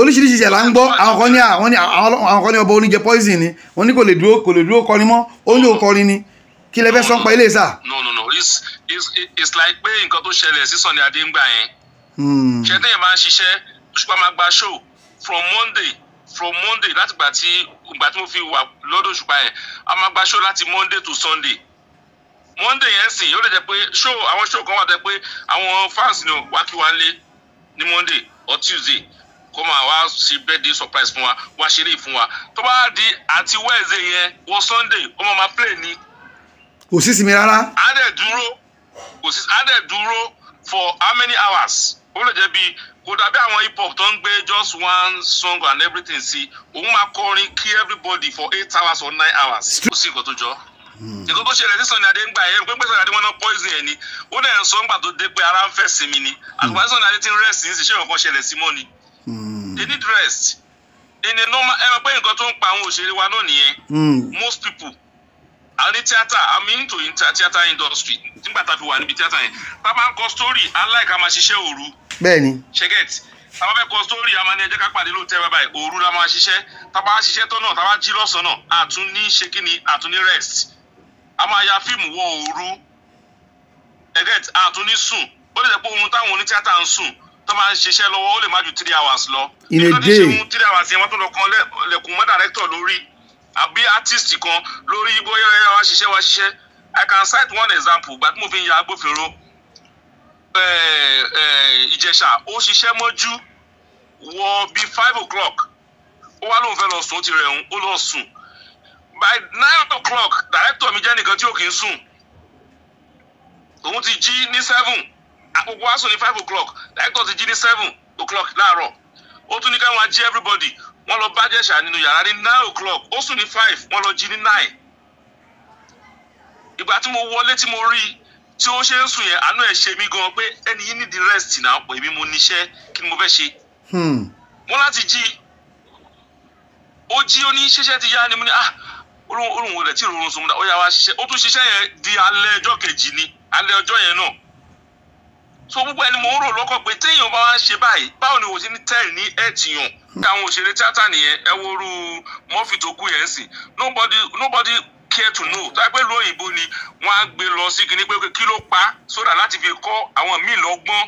oríṣiríṣi ìṣẹ̀lá ń gbọ́ àwọn kan ní àwọn kan ní ọba oníjẹ poison ni wọ́n ní kò lè dúró kò lè dúró kọrin mọ́ ó ní òkọrin ni kí lẹ fẹ́ sọ pa ilé sà. no no no it's it's it's like pé nǹkan tó ṣẹlẹ̀ sí Sunny Adé ń gbà yẹn. Hmm. ṣé téèyàn máa ń ṣiṣẹ́ Òṣùpá máa gba show from Monday from Monday láti gbà tí gbà tí mo fi wà lọ́dọ̀ Òṣùpá yẹn a máa gba show láti Monday to Sunday Monday yẹn sìn yóò lè jẹ́ pé show àwọn show kan wà tẹ́ pé àwọn fans ni wákìwá lé ní Monday or Tuesday kó máa wá ṣe birthday surprise fún wa wá ṣeré fún wa tó bá di àti wednesday yẹn wọ sunday ó máa máa play ni. kò sí sinmi rárá. á dẹ̀ dúró kò sí á dẹ̀ dúró for how many hours ó lè jẹ́ bí kò dàbí àwọn hip hop tó ń gbé just one song and everything sí òun máa kọrin kí everybody for eight hours or nine hours ó sì kò tó jọ hmm. nǹkan tó ṣẹlẹ̀ sísan ní adé ń gbà yẹn pé pèsè àdé wọn náà poison ẹ̀ ni ó dẹ̀ ń sọ ńgbà tó dé pé ara ń fẹ́ sinmi ni àgbà sísan ní adé ti ń rẹ̀ sí ṣé nǹkan ṣẹlẹ̀ sí mọ́ ni. Hmm. they need rest in a normal ẹ mọ̀ pé nǹkan tó ń pa àwọn òṣèré wa náà nìyẹn hmm. most people àní tíátà àmì into tíátà industry nígbà tá a fi wà níbi tíátà yẹn tá a máa ń kọ story aláìka máa ṣiṣẹ́ òru bẹ́ẹ̀ni ṣẹ́gẹ̀t tá a bá fẹ́ kọ story a máa ní ẹjẹ́ ká pàdé lóòótọ́ ẹ báyìí òru la máa ṣiṣẹ́ tá a bá ṣiṣẹ́ tó náà tá a bá jí lọ́sàn-án náà àtún ní ṣe kí ni àtún ní rest a máa ya fíìmù wọ òru ẹ̀gẹ́t àtún ní sùn ó lè jẹ́ pé ohun táwọn onítíátà ń sùn tó máa ń ṣiṣẹ́ lọ́wọ́ ó lè má ju three hours lọ. in a day ìlú three hours yẹn wọ́n tó lọ kan lẹ́kùn mọ́ director lórí àbí artist kan lórí bóyá wá ṣiṣẹ́ wá ṣiṣẹ́ I can cite one example gbàtí mo fi ń ya agbófinró Ìjẹ̀ṣà ó ṣiṣẹ́ mọ́jú wọ bíi five o'clock ó wá lóun fẹ́ lọ sùn ó ti rẹ̀ ó lọ sùn by nine o'clock director mi jẹ́ nìkan tí ò kì í sùn òun ti jí ní seven gbogbo ah, wa sùn five o'clock director ti jí ní seven o'clock láàárọ̀ ó Otu nika káwọn ají everybody wọ́n lọ bá jẹ̀ṣà nínú yàrá ní nine o'clock ó sùn ní five wọ́n lọ jí ní nine ìgbà tí mo wọlé tí mo rí tí ó ṣe ń sùn yẹn àánú ẹ̀ ṣe mí gan pé ẹni yìí need rest náà pé èmi mo níṣẹ́ kí ni mo fẹ́ ṣe. Hmm. mo láti jí ó jí ó ní ṣiṣẹ́ ti yá ni mo ní ah orun orun wo rẹ̀ tí ìrorun sùn mo dá ó yá wá ṣiṣẹ́ ó tún ṣiṣẹ́ yẹn di alẹ́ ọjọ́ kejì ni alẹ́ ọjọ́ yẹn náà so gbogbo ẹni mò ń rò lọ́kọ̀ pé téèyàn bá wá ń ṣe báyìí báwo ni òsín tẹ́rì ní ẹ̀tìyàn káwọn òṣèré tíátà nìyẹn ẹ woru mọ́fì tó kú yẹn sì nobody nobody care to know tápẹ́ lu òyìnbó ni wọ́n á gbé lọ sí kíní pé kí ló pa sódà láti fi kọ́ àwọn míì lọ́gbọ́n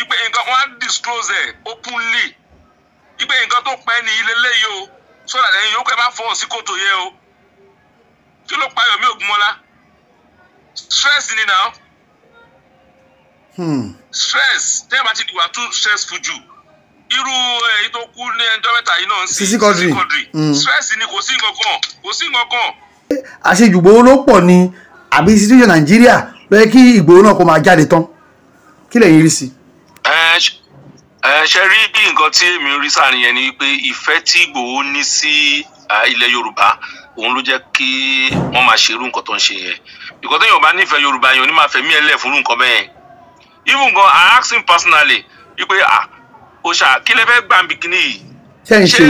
ipe nǹkan wọ́n á disclose ẹ̀ openly ipe nǹkan tó pẹ́ ní ilé lẹ́yìí o sódà lẹ́yìn yòókù ẹ má fọwọ́ sí kòtò yẹ o kí ló pa Yomi Ogunmọ́lá stress ni now Hmm. stress tẹ́yà bá ti wà too stressful jù irú eh, èyí tó kú ní ẹjọ́ mẹ́ta yìí náà sí kọ́ndrì hmm. stress ni kò sí nǹkan kan kò sí nǹkan kan. Eh, àṣejù gbowó ló pọ̀ ni àbí situation nàìjíríà ló yẹ kí ìgbowó náà kó máa jáde tán kí lè yín rí sí. ẹ ṣe rí bí nǹkan tí èmi rí sáàrin yẹn ni pé ìfẹ́ tí ìgbowó ní sí ilẹ̀ yorùbá òun ló jẹ́ kí wọ́n máa ṣerú nǹkan tó ń ṣe yẹn ìkọ́tẹ́yìn ò bá nífẹ̀ẹ́ yorùbá yẹn ò ní máa fẹ̀mí ẹlẹ́ fún nǹkan bẹ́ẹ̀ even gan i ask him personally wípé ah oṣà kí lè fẹ́ gbà mí kíní yìí ṣé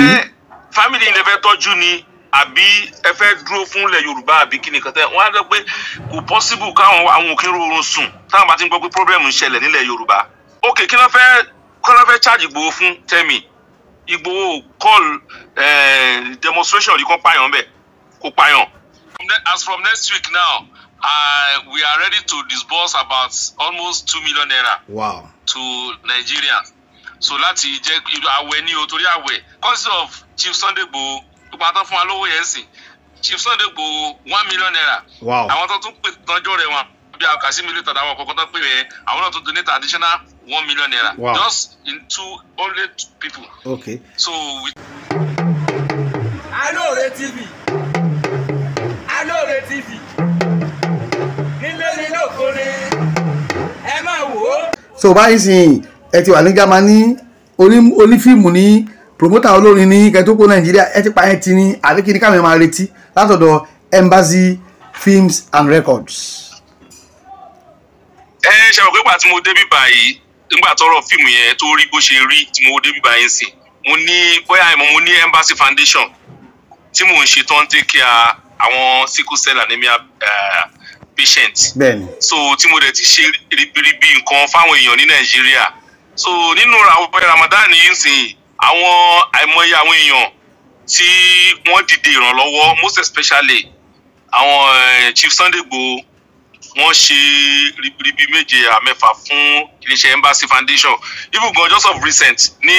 family lè fẹ́ tọ́jú ni àbí ẹ fẹ́ dúró fún ilẹ̀ yorùbá àbí kíní kan tẹ́ wọ́n á gbọ́ pé kò possible káwọn àwọn òkè oorun sùn táwọn bá ti ń gbọ́ pé problem ń ṣẹlẹ̀ nílẹ̀ yorùbá ok kí ló fẹ́ kí ló fẹ́ charge ìgbòho fún tẹ́mi call eh, demonstration yìí kan pààyàn bẹ́ẹ̀ kò pààyàn. as from next week now uh, we are ready to disburse about almost two million naira. Wow. to Nigerians so láti jẹ́ àwẹ̀ ní o torí àwẹ̀ cause of Chief Sunday Igboho ipa tán fún wa lówó yẹn sìn Chief Sunday Igboho one million naira. wow àwọn tó tún pè tọ́jọ́ rẹ̀ wọn bí a kà sí mi lítà àwọn kọ̀ọ̀kan tó pè yẹn àwọn náà tó donate additional one million naira. wow just in two only two people. okay so we. Alore TV Alore TV. so báyìí sìn ẹ ti wà ní Germany onífíìmù ní promota olórin ní kẹtókò Nàìjíríà ẹ ti pa ẹ ti ní àríkìní káwọn máa retí látọ̀dọ̀ Embassy Films and Records. ẹ ṣe àwọn pípa tí mo débi báyìí nígbà tọrọ fíìmù yẹn tó rí bó ṣe rí tí mo débi báyìí sìn mo ní bóyá mo ní Embassy Foundation tí mò ń ṣe tó ń tẹ́kẹ̀ àwọn sickle cell anemia patient. bẹ́ẹ̀ni. so tí mo dẹ̀ ti ṣe ribiribi nǹkan fáwọn èèyàn ní nàìjíríà so nínú àwọn ramadan yìí ń sìn àwọn àìmọye àwọn èèyàn tí wọ́n dìde ìrànlọ́wọ́ most especially àwọn eh, chief sunday Igboho wọ́n ṣe ribiribi méje àmẹ́fà fún iléeṣẹ́ embassy foundation even gan just of recent ni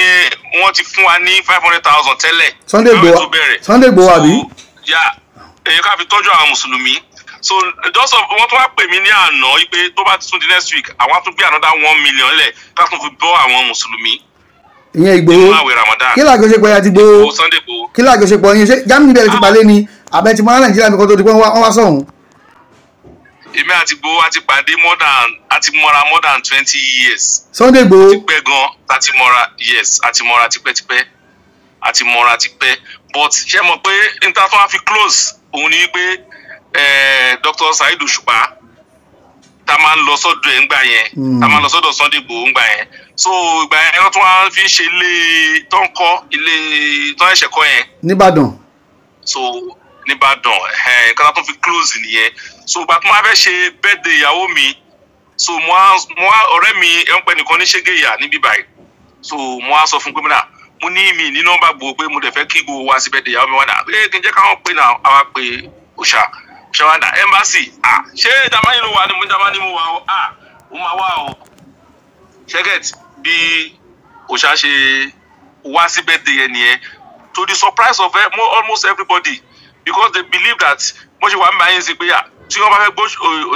wọ́n ti fún wa ní five hundred thousand tẹ́lẹ̀ sunday Igboho sunday Igboho àbí. ya èyí ká fi tọ́jú àwọn mùsùlùmí so just wọ́n tún wá pè mí ní àná pé tó bá tún di next week àwọn á tún gbé another one million lẹ̀ ká tún fi bọ́ àwọn mùsùlùmí ìyẹn ìgbòho kí làjọṣepọ̀ yẹn àti ìgbòho kí làjọṣepọ̀ yẹn ṣe germany bẹ̀rẹ̀ ti ah. pàlẹ́ ni àbẹ̀ ti mọ́ra nàìjíríà mi kan tó di pé wọ́n wá sọ̀hún. èmi àti ìgbòho a ti pàdé more than a ti mọ́ra more than twenty years. sunday ìgbòho ti pẹ́ gan a ti mọ́ra yes a ti mọ́ra tipẹ́tipẹ́ a ti mọ́ra tipẹ́ but ṣé mọ̀ pé níta tó wá fi close òun ni pé Dr. Saheed Òṣùpá tá máa ń lọ sọ́dọ̀ ẹ̀ ńgbà yẹn hmm. tá máa ń lọ sọ́dọ̀ Sunday Igboho ńgbà yẹn so ìgbà yẹn wọ́n tún wá fi ń ṣe ilé tó ń kọ́ ilé tó ń ṣẹ̀ṣẹ̀ kọ́ yẹn. Nìbàdàn. so Nìbàdàn nǹkan tó tún fi close nìyẹn so ìgbà tó máa fẹ́ ṣe birthday ìyàwó mi so mo wá ọ̀rẹ́ mi ẹ̀ ń pẹ́ nìkan ní ṣégeyà níbí báyìí so mo wá sọ fún gómìnà mo ní mi ní nọ́mbà gbòó pé mo dẹ̀ fẹ́ kí gbòó wá sí birthday ìyàwó mi wá náà pé kí n jẹ́ káwọn pè náà àwa pé òṣà ṣọwádà ẹmbásì à ṣé tamani ló wà ní mú tamani mú wa o à ó máa wá o ṣẹgẹt bí kò ṣáà ṣe wá sí birthday yẹn nìyẹn to the surprise of e- almost everybody because they believe that mo ṣe wà mí báyìí sí pé tí wọn bá fẹ́ gbó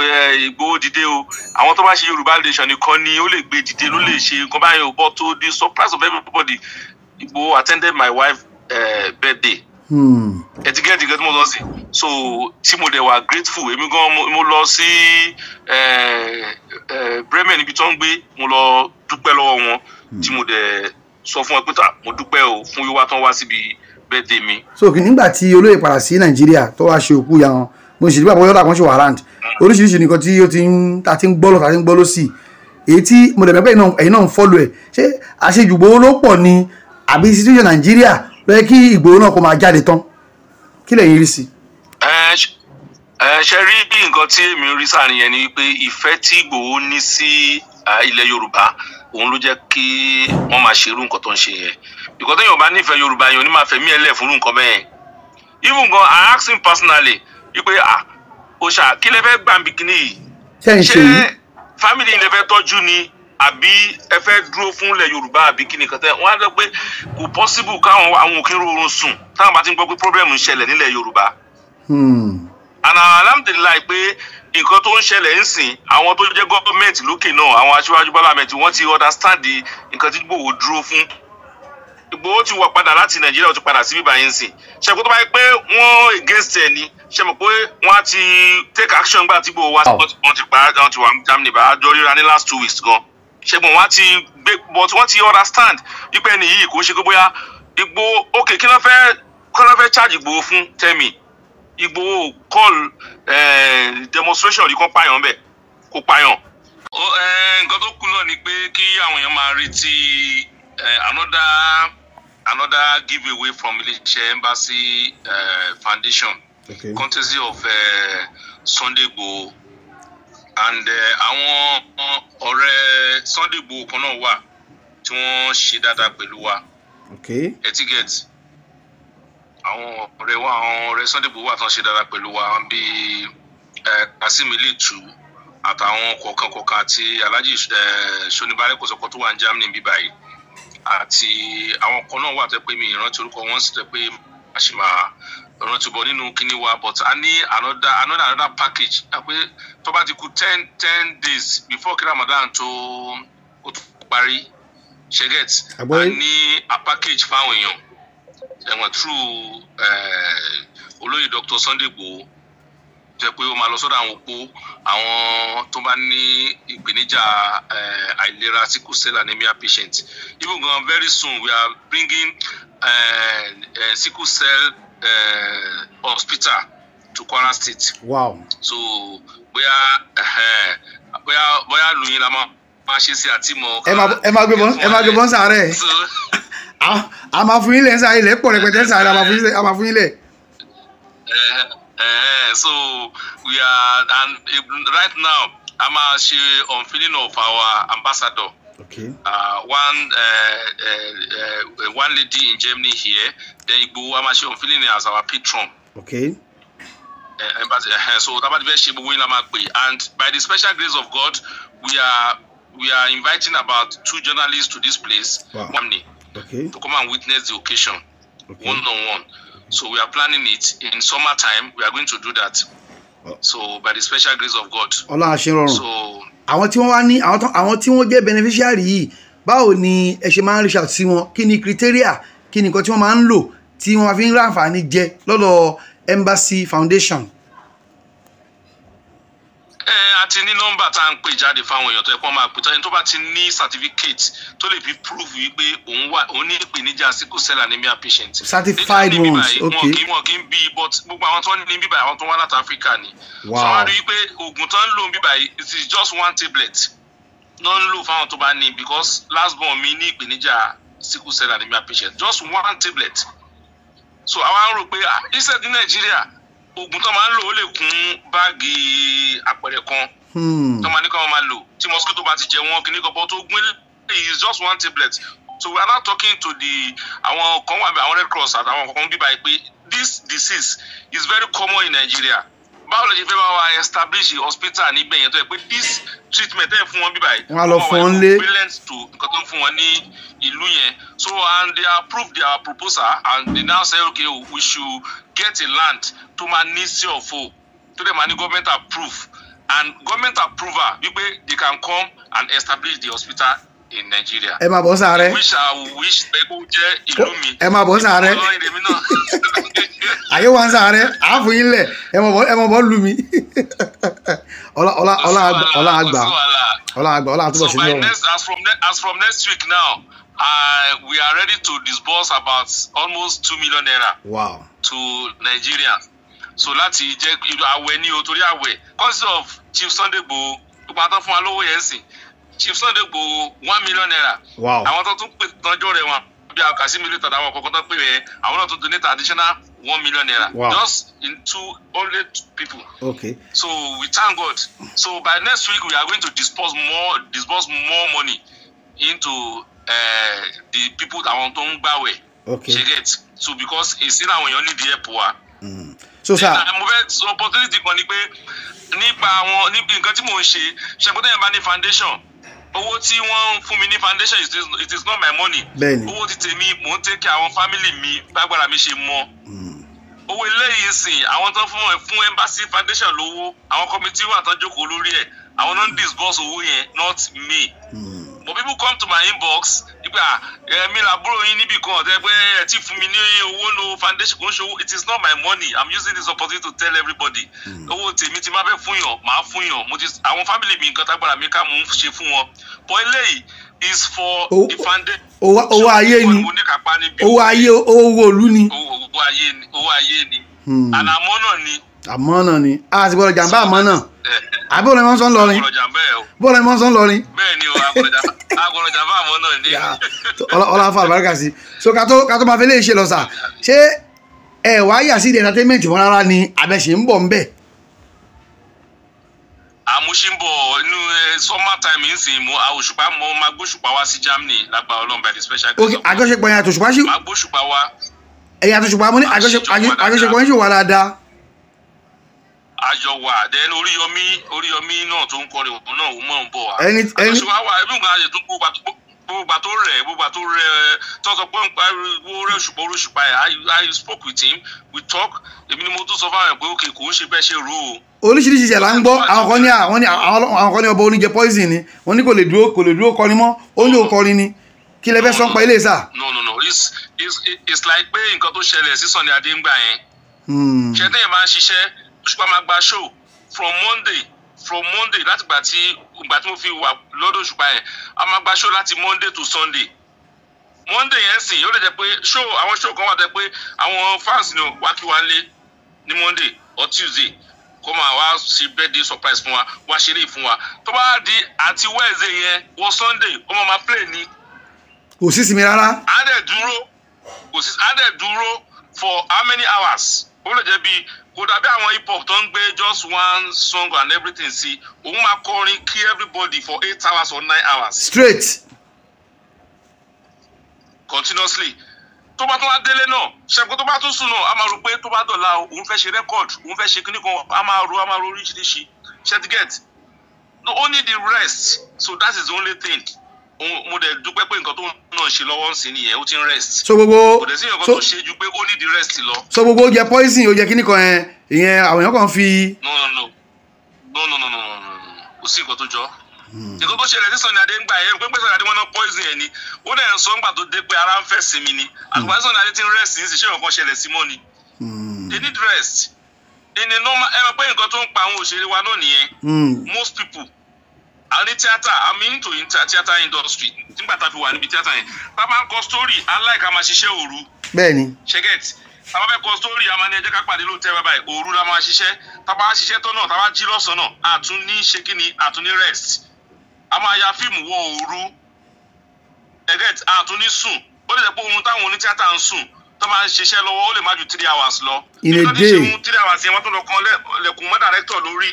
e- Ìgbòho dìde o àwọn tó bá ṣe Yorùbá nation nìkan ni ó lè gbé dìde ló lè ṣe nǹkan báyìí o but to the surprise of everybody Ìgbòho attended my wife uh, birthday ẹ ti gẹ́ẹ̀dì gẹ́ẹ̀dì mo lọ sí so tí mo dẹ̀ wà grateful èmi gan mo lọ sí Bremen níbi tó ń gbé mo lọ dúpẹ́ lọ́wọ́ wọn hmm. tí mo dẹ̀ sọ fún ẹ pé ta mo dúpẹ́ o fún wíwá tán wá síbi birthday mi. so nígbà tí olóyè padà sí nàìjíríà tó wá ṣe òkú yà wọn mo sì nígbà bóyá ọ̀dà kan ṣe wà rand hmm. oríṣiríṣi nǹkan tí ó ti ń ta ti ń gbọ́ lọ ta ti ń gbọ́ lọ sí èyí tí mo dẹ̀ mẹ́pẹ́ ẹ̀yin náà ń fọ́lù ẹ̀ ṣé àṣejù gbowó ló pọ̀ ni àbí situation nàìjíríà lọ́yẹ kí Ìgbòho náà kó máa jáde tán kí lẹ̀yin rí sí. ṣe rí bí nǹkan tí èmi rí sáàrin yẹn ni pé ìfẹ́ tí Ìgbòho ní sí ilẹ̀ Yorùbá òun ló jẹ́ kí wọ́n máa ṣerú nǹkan tó ń ṣe yẹn ìkọ́ tó yàn bá nífẹ̀ẹ́ Yorùbá yẹn onímọ̀ àfẹ́mí ẹlẹ́ fún nǹkan bẹ́ẹ̀ even gan I ask him personally wípé ah o ṣà kí lẹ fẹ́ gbàǹbì yìí ṣe family lẹ fẹ́ tọ́jú ni àbí ẹ fẹ́ dúró fún ilẹ̀ yorùbá àbí kí nìkan tẹ́ wọ́n á dẹ́ pé kò possible káwọn àwọn òkè rọrùn sùn táwọn bá ti ń gbọ́ pé problem ń ṣẹlẹ̀ nílẹ̀ yorùbá. àná hmm. alhamdulilayi pé nǹkan tó ń ṣẹlẹ̀ ń sìn àwọn tó jẹ́ gọ́ọ̀mẹ̀ntì lókè náà àwọn aṣíwájú bọ́lá mẹ́tì wọ́n ti understand nǹkan tí gbòòwò dúró fún Ìgbòho ti wà padà láti Nàìjíríà ó ti padà sí bíbá yín sìn ṣe kó tó bá yẹ pé wọ́n against ẹ ni ṣe mọ̀ pé wọ́n á ti take action gbà tí Ìgbòho wá sí wọ́n ti pa wọ́n ti wà ní Germany bá a jọ ríra ní last two weeks gan ṣẹ́gun wọn ti gbé but wọ́n ti understand wípé ẹni yìí kò ń ṣe pé bóyá Igbo ok kí ló fẹ́ kí ló fẹ́ charge Igboho fún tẹ́mi Igboho call eh, demonstration rí kan pààyàn bẹ́ẹ̀ kó pààyàn. Eh, nǹkan tó kù náà ni pé kí àwọn èèyàn máa retí eh, another another giveaway from iléeṣẹ́ embassy foundation okay. courtesy of Sunday Igboho and àwọn. Uh, ọ̀rẹ́ Sunday Igboho kan náà wà tí wọ́n ṣe dáadáa pẹ̀lú wa etiquette àwọn ọ̀rẹ́ wa àwọn ọ̀rẹ́ Sunday Igboho wà tí wọ́n ṣe dáadáa pẹ̀lú wa bíi Kasim Iletu àtàwọn kọ̀ọ̀kan kọ̀ọ̀kan àti Alhaji Sonibare Kòsọ́kọ́ tó wà ní Germany bí báyìí àti àwọn kan náà wà tẹ́ pé mi ìrántí orúkọ wọn sì tẹ́ pé rotubọ nínú kíní wa but a ní another another another package àpé tó bá ti kù ten ten days before kí Ramadan tó o tó parí sheget a ní a package fáwọn èèyàn ẹ̀wọ̀n through eh, olóyè Dr. Sunday Igboho jẹ́ pé ó máa lọ sọ́dọ̀ àwọn opó àwọn tó bá ní ìpèníjà eh, àìlera sickle cell anemia patient even gan very soon we are bringing uh, uh, sickle cell uh, hospital to Kwara State. Wow. So we eh, bóyá bóyá bóyá lu yín la mọ́ máa ṣe sí àtìmọ́. Ẹ máa gbé bọ́n ẹ máa gbé bọ́n sàárẹ̀. A máa fún yín lẹ̀ sàárẹ̀ ilẹ̀ pọ̀ rẹpẹtẹ sàárẹ̀ a máa fún yín lẹ̀. Eh, so we are and right now a máa ṣe unveiling of our ambassador. Okay. Uh, one uh, uh, uh, one lady in Germany here, then Igbo Amashi, I'm feeling as our patron. Okay. Uh, uh, so and by the special grace of God, we are we are inviting about two journalists to this place, wow. Germany, okay. to come and witness the occasion, one on one. So we are planning it in summertime. We are going to do that. Oh. So by the special grace of God. Allah, so àwọn tí wọ́n wá ní àwọn tí wọ́n jẹ́ beneficiary yìí báwo ni ẹ ṣe máa ń reach out sí wọn kí ni criteria kí ni nǹkan tí wọ́n máa ń lò tí wọ́n máa fi ń ráǹfààní jẹ lọ́dọ̀ Embassy Foundation a ti ní nọ́mbà tá à ń pè jáde fáwọn èèyàn tó yẹ kó máa pè tó ẹni tó bá ti ní certificate tó lè fi prove wípé òun wà òun ní ìpèníjà sickle cell anemia patient. certified ones ok wọn kì í wọn kì í bí but gbogbo àwọn tó ní bíbá àwọn tó wá láti Africa ni. wow so wọn rí i pé oògùn tó ń lò ń bíbá yìí it is just one tablet ló ń lò fáwọn tó bá ní because last born mi ní ìpèníjà sickle cell anemia patient just one tablet so àwa ń rò pé ah instead ní Nàìjíríà oògùn tó máa ń lò ó lè kún báàgì àpẹẹrẹ kan hmm. tó máa ní kí wọ́n máa lò tí mosquito bá ti jẹ wọ́n kí ní kọ́ bọ́ tó gún eléyìí is just one tablet so we are now talking to the àwọn kan wà bí àwọn red cross àtàwọn kan bíbá yìí pé this disease is very common in Nigeria báwo lè ṣe fẹ́ máa wá establish hospital níbẹ̀ yẹn tó yẹ pé this treatment ẹ̀ fún wọn bí báyìí. wọn lọ fún wọn lé. brilliant to nǹkan tó ń fún wọn ní ìlú yẹn so and they approve their proposal and they now say okay we should get a land to máa ní sí ọ̀fọ̀ tó dẹ̀ máa government approve and government approval wípé they can come and establish the hospital in Nigeria. ẹ máa bọ̀ sáré. which I wish pẹ̀lú jẹ́ ìlú mi. ẹ máa bọ̀ sáré. àyè wá sáré àáfù yín lẹ̀ ẹ máa bọ̀ lù mí. ọlá àgbà ọlá àgbà ọlá àgbà ọlá àtúbọ̀ sí ní ọ̀run. as from next week now uh, we are ready to disburse about almost two million naira. wow. to Nigeria so láti jẹ́ àwẹ̀ ní o torí àwẹ̀ cause of Chief Sunday Igboho ó pa tán fún wa lówó yẹn sìn. Chief Sunday Igboho one million naira. àwọn tó tún pè tọ́jú rẹ̀ wọn bí àwọn Kassim later àwọn kọ̀ọ̀kan tó pè yẹn àwọn náà tún donate additional one million naira wow. just in two only two people. okay so we thank God so by next week we are going to disperse more disperse more money into uh, the people àwọn tó ń gbàwẹ̀. okay she get so because èsì náà àwọn èèyàn ní di ẹ̀pù wa. Mm. so sir mo fẹ́ opportunity kan ni pé nípa àwọn nǹkan tí mò ń ṣe ṣe pé tẹ́yìn bá ní foundation owó tí wọ́n ń fún mi ní foundation it is, it is not my money owó ti tèmi mò ń tẹ́kẹ̀ àwọn family mi gbàgbára mi ṣe mọ́ hmm. owó eléyìí sìn àwọn tó fún fún embassy foundation lówó àwọn committee wà tán jókòó lórí ẹ̀ àwọn non disburse owó yẹn not me. Mm. but people come to my inbox pé ah, ẹ̀mí làbúrò yín níbì kan ọ̀tẹ́ pé ẹ ti fún mi ní owó no foundation kò ń ṣòwò it is not my money i'm using this opportunity to tell everybody hmm. owó tèmi ti má fẹ́ fún yàn máa fún yàn mo ti àwọn family mi nǹkan tágbára mi ká mò ń ṣe fún wọn but eléyìí is for the foundation owó ayé ni owó ayé owó olú ni owó ayé ni ànàmọ́ hmm. náà ni àmọ́nà ni a sì gbọ́dọ̀ jàǹbá àmọ́nà àbí òun ni wọ́n sọ ń lọrin bóun ni wọ́n sọ ń lọrin. bẹ́ẹ̀ni o agbọ́dọ̀ jàǹbá àmọ́nà ni. ọlá fún àbáríkà sí so ká tó ká tó máa fi léèṣe lọ sà ṣé ẹ wá yà sí ìdí entertainment wọn rárá ni àbẹ̀ṣe ń bọ̀ ń bẹ̀. àmúṣínbọ̀ inú summer time ń sìn mú àwòṣùpá mo máa gbóṣùpá wá sí Germany lágbà ọlọ́run by the special. ok àjọṣepọ̀ yẹn àtòṣùpá sí. máa gbóṣùpá wá. ẹ̀yà àtòṣùpá mo ní àjọṣepọ̀ yẹn ṣì wà dáadáa àjọwà then oríyọmí oríyọmí náà tó ń kọrin òun náà òun mọ̀ ń bọ̀ wá. ẹni ẹni àtúnṣe wa ẹbí nǹkan àyè tó gbogbo àti gbogbo gbogbo àti rẹ tọ́sọ pé nǹkan ariwo rẹ ṣùgbọ́n oríṣùpá ẹ̀ I spoke with him we talk èmi ni mo tún sọ fáwọn ẹ̀ pé òkè kò ń ṣe bẹ́ẹ̀ ṣe rò ó. oríṣiríṣi ìṣẹ̀ la ń gbọ́ àwọn kan ní ọba oníjẹ poison ni wọ́n ní kò lè dúró kò lè dúró kọrin mọ́ ó ní òkọrin ni kí lẹ fẹ́ sọ pa ilé sà. no no no it's it's it's like pé nǹkan tó ṣẹlẹ̀ sí Sunny Adé ń gbà yẹn. Hmm. ṣẹ́tẹ́yìn máa ń ṣiṣẹ́ ṣùgbọ́n a máa gba show from monday from monday láti gbà tí ìgbà tí mo fi wà lọ́dọ̀ òṣùpá yẹn a máa gba show láti monday to sunday monday yẹn sì ó lè jẹ́ pé show àwọn show kan wà tẹ́ pé àwọn fans ni wá kí wá lé ní monday or tuesday kó máa wá ṣe birthday surprise fún wa wá ṣeré fún wa tó bá di àti wednesday yẹn wọ sunday ó máa máa play ni. kò sí sinmi rárá. a dẹ̀ dúró kò sí a dẹ̀ dúró for how many hours ó lè jẹ́ bíi kò dàbí àwọn hip hop tó ń gbé just one song and everything sí òun máa kọrin kí everybody for eight hours or nine hours. straight. continuously tó bá tó wá délé náà ṣẹ́gun tó bá tó sùn náà a máa rò pé tó bá dọ̀la òun fẹ́ ṣe rẹ́kọ̀d òun fẹ́ ṣe kíní kan a máa ro a máa ro oríṣiríṣi ṣẹ́tígẹ́t no only the rest so that is the only thing mo dẹ̀ dúpẹ́ pé nǹkan tó ṣe lọ́wọ́ ń sìn nìyẹn ó ti rest. so gbogbo kò dẹ̀ sí ìyẹn tó ṣe ju pé ó ní di rest lọ. so gbogbo ó jẹ poison ó jẹ kíní kan yẹn ìyẹn àwọn èèyàn kan fi. no no no no no no no kò sí nǹkan tó jọ. Hmm. nǹkan tó ṣẹlẹ̀ sísan ní adé ń gbà yẹn pé pé sọ̀rọ̀ wọn náà poison yẹn ni ó dẹ̀ ń sọ ńgbà tó dé pé ara ń fẹ́ sinmi ni àgbà sísan ní adé ti rest ní ìṣe ìkan ṣẹlẹ̀ sí mọ́ ni. Hmm. they need rest. ìnìnà ẹ mọ̀ pé nǹkan tó ń pa àwọn òṣèré wa náà nìyẹn hmm. most people a ní tíátà i'm into theatre industry nígbà tá a fi wà níbi tíátà yẹn tá a bá ń kọ story unlike a máa ṣiṣẹ́ òru. bẹ́ẹ̀ni. ṣẹgẹt tá a bá fẹ́ kọ story a máa ní ẹjẹ́ ká pàdé lóòótọ́ bàbá yìí òru la máa ṣiṣẹ́ tá a bá ṣiṣẹ́ tán náà tá a jí lọ́sàn náà a ní ṣe ni a ní rest a máa ya fíìmù wọ òru ṣẹgẹt a tún ní sùn ó lè jẹ́ pé ohun táwọn onítíátà ń sùn tó máa ń ṣiṣẹ́ lọ́wọ́ ó lè má ju three hours lọ. in a day. ìlú tó ti ṣe three hours yẹn wọ́n tó lọ kan lẹ̀kùn mọ́ director lórí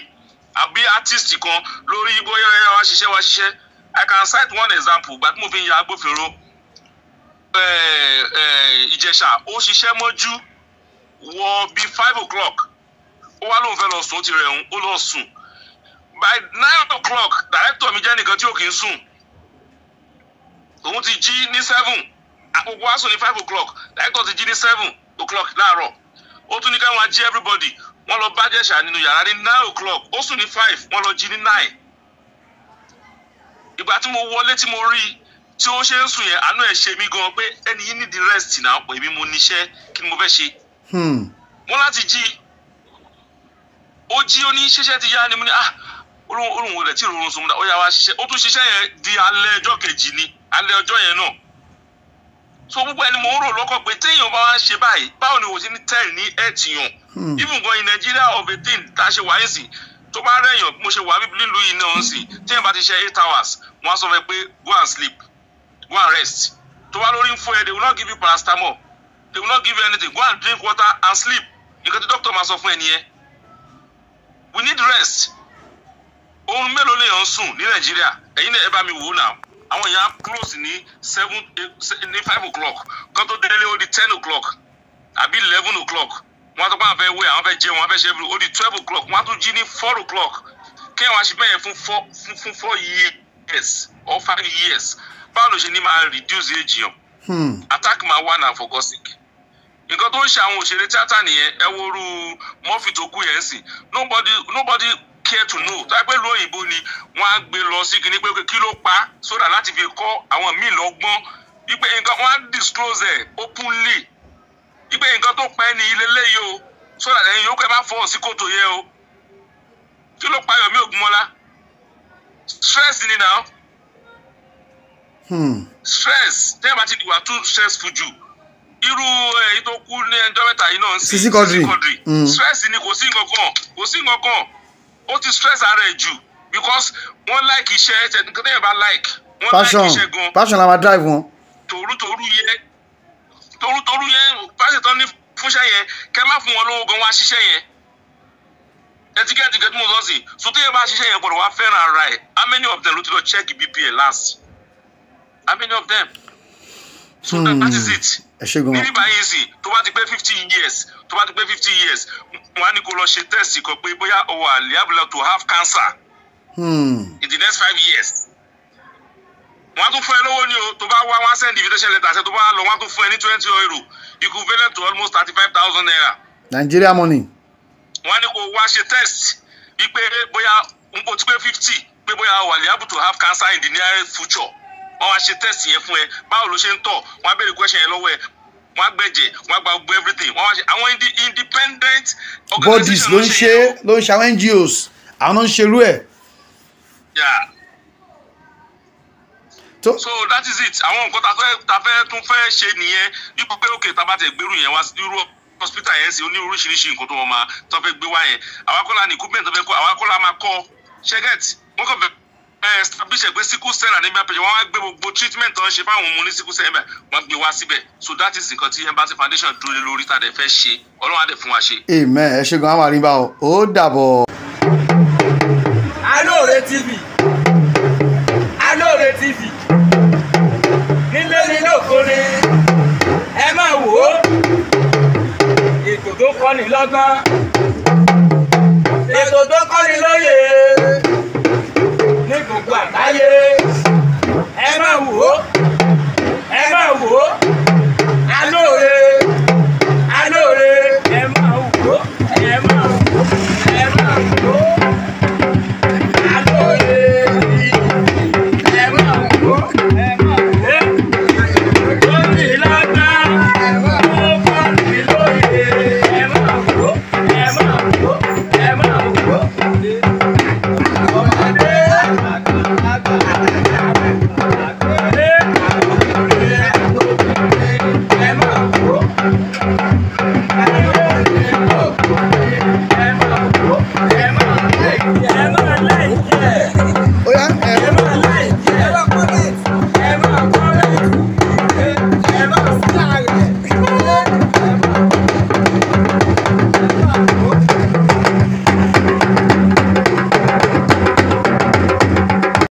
àbí artist kan lórí bóyá wá ṣiṣẹ́ wá ṣiṣẹ́ i can cite one example gbàtí mo fi ń ya agbófinró ìjẹ̀ṣà ó ṣiṣẹ́ mọ́jú wọ bíi five o'clock ó wá lóun fẹ́ lọ sùn ó ti rẹ̀ ń ó lọ sùn by nine o'clock director mi jẹ́ nìkan tí ò kì í sùn òun ti jí ní seven àkókò wá sùn ní five o'clock director ti jí ní seven o'clock láàárọ̀ ó tún ní káwọn ají everybody wọ́n lọ bá Ìjẹ̀ṣà nínú yàrá ní nine o'clock ó sùn ní five wọ́n lọ jí ní nine ìgbà tí mo wọlé tí mo rí tí ó ṣe ń sùn yẹn àánú ẹ̀ ṣe mí gan pé ẹni yìí ní the rest náà pé èmi mo níṣẹ́ kí ni mo fẹ́ ṣe. mo hmm. láti jí ó jí ó ní ṣíṣẹ́ ti yá ni mo ní ah orun orun wo rẹ̀ tí ìrorun sùn mo dà ó yà wá ṣiṣẹ́ ó tún ṣiṣẹ́ yẹn di alẹ́ ọjọ́ kejì ni alẹ́ ọjọ́ yẹn náà so gbogbo ẹni mò ń rò lọ́kọ̀ pé téèyàn bá wá ń ṣe báyìí báwo ni òsín tẹ̀lé ní ẹ̀tìyàn hmm. even gan in Nigeria of a thing tá a ṣe wáyé sí tó bá rẹ̀yàn mo ṣe wà bíbí nílùú yìí náà ń sìn téèyàn bá ti ṣe eight hours wọ́n sọ fẹ́ pé go and sleep go and rest tó bá lórí ń fún ẹ they will not give you paracetamol they will not give you anything go and drink water and sleep nǹkan tí doctor máa sọ fún ẹ nìyẹn we need rest oorun mélòó lèèyàn ń sùn ní Nàìjíríà ẹ̀yin náà ẹ bá mi wò ó náà àwọn èèyàn close ní seven ní five o'clock kán tó délé ó di ten o'clock àbí eleven o'clock wọ́n á tó pa àwọn fẹ́ wẹ̀ àwọn fẹ́ jẹun àwọn fẹ́ ṣe ó di twelve o'clock wọ́n á tó jí ní four o'clock kí àwọn aṣípẹ́ yẹn fún four fún four years or five years báwo ló ṣe ní máa reduce age yàn hmm. attack máa wà náà for gossip nǹkan tó ń ṣe àwọn òṣèré tíátà nìyẹn ẹ woru murphy tó kú yẹn sìn nobody nobody care to know tó ẹgbẹ́ lóyìnbó ni wọ́n á gbé lọ sí kíní pé kí ló pa sódà láti fi kọ́ àwọn míì lọ́gbọ́n wípé nǹkan wọ́n á disclose ẹ̀ openly wípé nǹkan tó pa ẹni ilé o sódà lẹ́yìn yòókù ẹ má fọwọ́ sí kòtò yẹ o kí ló pa Yomi Ogunmọ́lá stress ni na hmm. stress tẹ́ ẹ bá ti wà too stressful jù irú eh, èyí tó kú ní ẹjọ́ mẹ́ta yìí náà ń sìn sí kọ́dìrì hmm. stress ni kò sí nǹkan kan kò sí nǹkan kan ó ti stress ara ẹ̀ jù because wọ́n like iṣẹ́ tẹnikẹ́ni bá like wọ́n like iṣẹ́ gan. passion la máa drive wọn. tòrútòrú yẹ tòrútòrú yẹ pásítọ̀ tán ní fúnṣẹ́ yẹn kẹ́ má fún wọn lówó gan wá ṣiṣẹ́ yẹn ẹtikẹ́ẹ̀tì kẹ́tí mo sọ sí sotẹ́ yẹn bá ṣiṣẹ́ yẹn gbọ́dọ̀ wá fẹ́ràn ara ẹ̀ how many of them ló ti lọ check bpa last how many of them so that, that is hmm. it ẹ ṣe gan. bí báyìí sì tó bá ti pé fifteen years tó bá ti pé fifteen years wọn á ní kó lọ ṣe test kan pé bóyá o wà liable to have cancer hmm. in the next five years. wọn á tún fún ẹ lówó ni o tó bá wá wọn á send invitation letter ṣe tó bá lọ wọn á tún fún ẹ ní twenty euro equivalent to almost thirty five thousand naira. Nigeria money. wọn á ní kó wá ṣe test bí pé bóyá o ti pé fifty pé bóyá o wà liable to have cancer in the near future wọn á ṣe test yẹn fún ẹ báwo ló ṣe ń tọ̀ wọn á béèrè yẹn lọ́wọ́ ẹ wọn á wọn á gbogbo everything wọn á ṣe àwọn independent bodies ló ń ṣe ló ń ṣe àwọn NGOs àwọn ń ṣerú ẹ̀. So, so that is it àwọn nǹkan ta fẹ́ ta fẹ́ tún fẹ́ ṣe nìyẹn nípa pé òkè tá a bá tẹ̀ gbèrú yẹn wá irú hospital yẹn sí oníoríṣiríṣi nǹkan tó wọn máa tó fẹ́ gbé wá yẹn àwa kọ́ la ní equipment tó fẹ́ kọ́ àwa kọ́ la máa kọ́ ṣẹ́gẹ̀tì wọ́n kàn fẹ́ establish pé sickle cell anemia patient wọ́n wá gbé gbogbo treatment tó ń ṣe fáwọn ọmọ ní sickle cell ẹ̀mẹ̀ wọ́n gbé wá síbẹ̀ so that is nǹkan tí embassy foundation dúró lórí tá a dẹ̀ fẹ́ ṣe ọlọ́run á dẹ̀ fún wa ṣe. amen ẹ ṣe gan àwọn àríwá o ó dàbọ̀. Alore TV Alore TV nílé nílé òkúni ẹ máa wò ó ètò tó kọ́ni lọ́gbọ́n ètò tó kọ́ni lóye. ẹ máa wò ó ẹ máa wò ó.